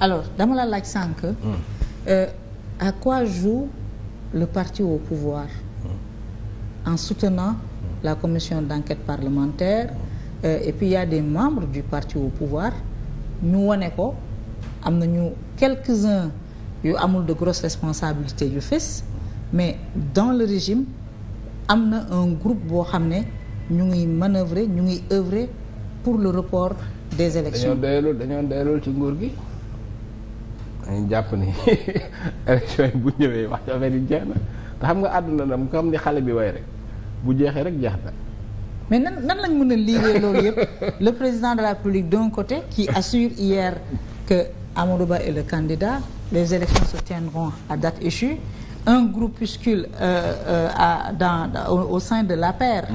alors dama la laaj sànq. Hmm. Euh, à quoi joue le parti au pouvoir hmm. en soutenant hmm. la commission d'enquête parlementaire euh, et puis il y des membres du parti au pouvoir ñu wone ko am na ñu quelques-uns yu amul de grosses responsabilités yu fës mais dans le régime am na un groupe boo xam ne ñu ngiy manœuvrer ñu ngiy œuvrer pour le report des élections dañoo doyalul dañoo doyalul ci nguur gi dañuy jàpp ni élection yi bu ñëwee wax ci affaire jeex na te xam nga àdduna la mu xam ni xale bi way rek bu jeexe rek jeex na. mais nan nan lañ mën a liggéey loolu yëpp le président de la République d'un côté qui assure hier que Amadou Ba est le candidat les élections se tiendront à date échue un groupuscule euh, euh, à, dans, dans au, sein de l'APR mm.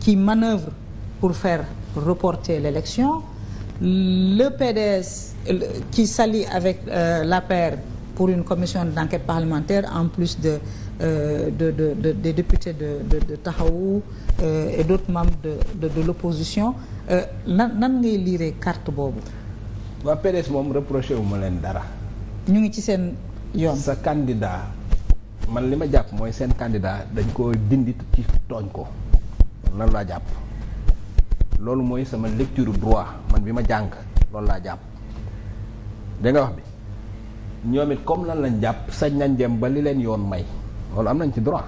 qui manœuvre pour faire reporter l'élection le PDS qui s'allie avec euh, l'APR pour une commission d'enquête parlementaire en plus de, euh, de, de, de des députés de Taxawu euh, et d'autres membres de de l'opposition euh, nan nan ngay liiree carte boobu waa PDS moom reproché wu ma leen dara ñu ngi ci seen yoon sa candidat man li ma jàpp mooy seen candidat dañ ko dindi ci tooñ ko lan laa jàpp loolu mooy sama lecture droit man bi ma jàng loolu laa jàpp dégg wax bi ñoom it comme lan lañ jàpp sañ nañ dem ba li leen yoon may loolu am nañ ci droit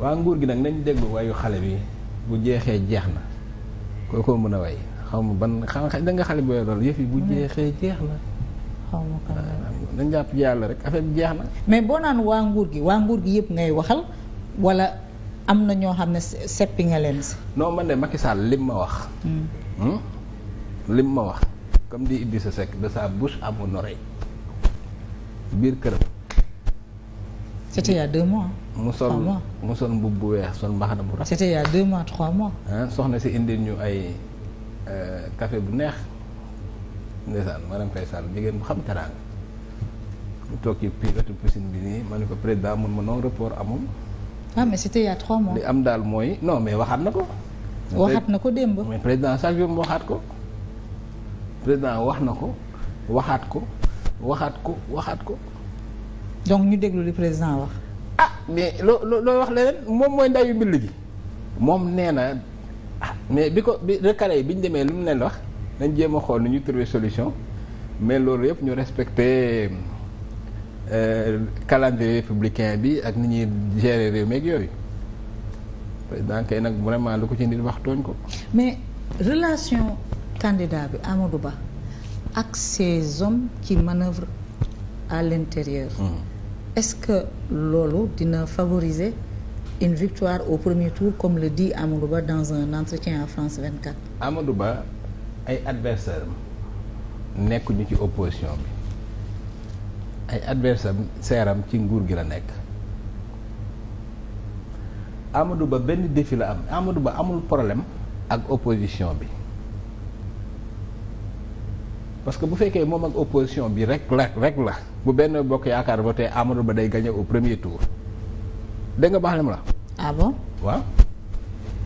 waa nguur gi nag nañ déglu wayu xale bi bu jeexee jeex na koo koo mën a way xawma ban xam da nga xale bi way loolu yëf yi bu jeexee jeex na xaw ma kan ah, yàlla rek affaire bi jeex na mais boo naan waa nguur gi waa gi yëpp ngay waxal wala am na ñoo xam ne seppi nga leen si non man de Macky lim ma wax hmm. Hmm? lim ma wax comme dit Idrissa Seck de sa bouche à mon oreille biir këram. c'était il y a deux mois. mu sol mu bu weex sol mbaxana bu rafet. c'était il deux mois trois mois. soxna si indil ñu ay kafe euh, bu neex ndeysaan madame Faye Sall jigéen bu xam teraanga mu toog ci wetu piscine bi nii ma ne ko président mun ma non report amul. ah mais c'était il trois mois. li am daal mooy non mais waxaat na ko. waxaat na ko démb. mais président Sall bi mu waxaat ko. président wax na ko waxaat ko waxaat ko waxaat ko. donc ñu déglu li président wax. ah mais loo loo wax leneen moom mooy ndayu mbill gi moom nee na ah mais bi ko bi recalé yi bi ñu demee lu mu leen wax nañ jéem a xool nu ñu trouver solution mais loolu yëpp ñu respecté euh, calendrier républicain bi ak ni ñuy gérer réew meeg yooyu président kay nag vraiment lu ko ci nit wax tooñ ko. mais relation candidat bi Amadou Ba ak ces hommes ci manœuvrent à l'intérieur mmh. ce que loolu dina favoriser une victoire au premier tour comme le dit Amadou Ba dans un entretien à France 24 Ba ay adversaire am nekkuñu ci opposition bi ay adversaire seeram ci nguur gi la nekk Amadou Ba benn défi la am Amadou Ba amul problème ak opposition bi parce que bu fekkee moom ak opposition bi rek la rek la bu benn bokk yaakaar voté Amadou Ba day gagné au premier tour dégg nga baax la. ah bon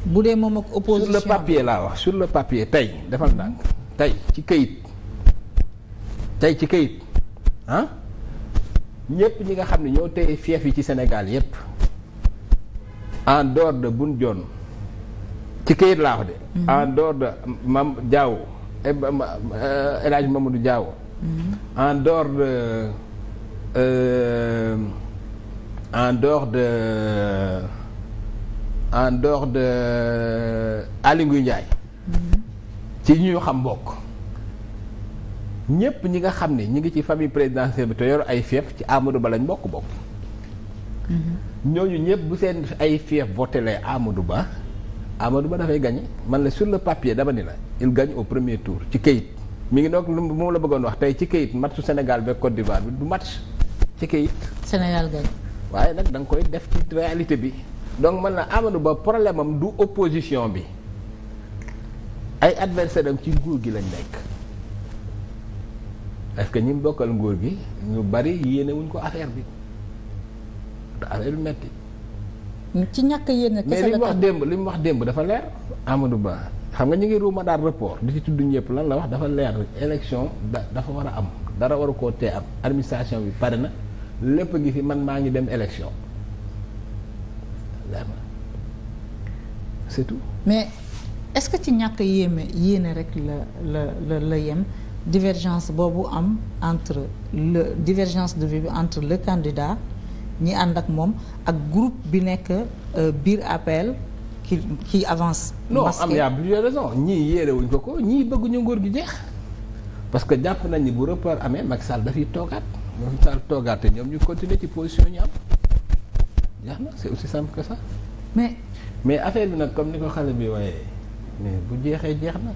bu dee moom ak opposition sur le papier laa wax sur le papier tey defal ndànk tey ci kayit tey ci kayit ah ñëpp ñi nga xam ne ñoo téye fief yi ci Sénégal yëpp en dehors de Boun Dionne ci kayit laa wax de. Mm-hmm. en dehors de Mame Eh, eh, El Hadj du Diaw. Mhm. en dehors de euh, en dehors de en dehors mhm. ci ñu xam bokk. ñëpp ñi nga xam ne ñi ngi ci famille présidentielle bi te yor ay fief ci Amadou Ba lañ bokk bokk. Mhm. ñooñu ñëpp bu seen ay fief voté lee Amadou Ba. Amadou Ba dafay gagné man na sur le papier dama ni la il gagne au premier tour ci kayit mi ngi donc lu moom la bëggoon wax tey ci kayit matchu senegal beeg Côte d'Ivoire bi du match ci kayit. Sénégal gagne. waaye nag danga koy def ci réalité bi donc man la Amadou Ba problème am du opposition bi ay adversaire am ci nguur gi lañ nekk. est que ñi mu bokkal nguur gi ñu bari yéenewuñ ko affaire bi affaire bi metti ci ñàkk yéen kese wax démb li mu wax démb dafa leer Amadou Ba xam nga ñu ngi ruuma daal report di ci tudd ñëpp lan la wax dafa leer élection dafa war a am dara waru koo tee am administration bi pare na lépp gi fi man maa ngi dem élection leer mais est-ce que ci ñàkk yéeme yéene rek la la la yem divergence boobu am entre le divergence de vue entre le candidat. ñi ànd ak moom ak groupe bi nekk euh, biir appel qui qui avance. non am y a plusieurs ñii yérewuñ wuñ ko ko ñii bëgguñu nguur gi jeex parce que jàpp nañ ni bu report amee Macky Sall dafiy toogaat Macky Sall toogaat te ñoom ñu continuer ci position ñu am jeex na c'est aussi simple que ça. mais mais affaire bi nag comme ni ko xale bi waaye mais bu jeexee jeex na.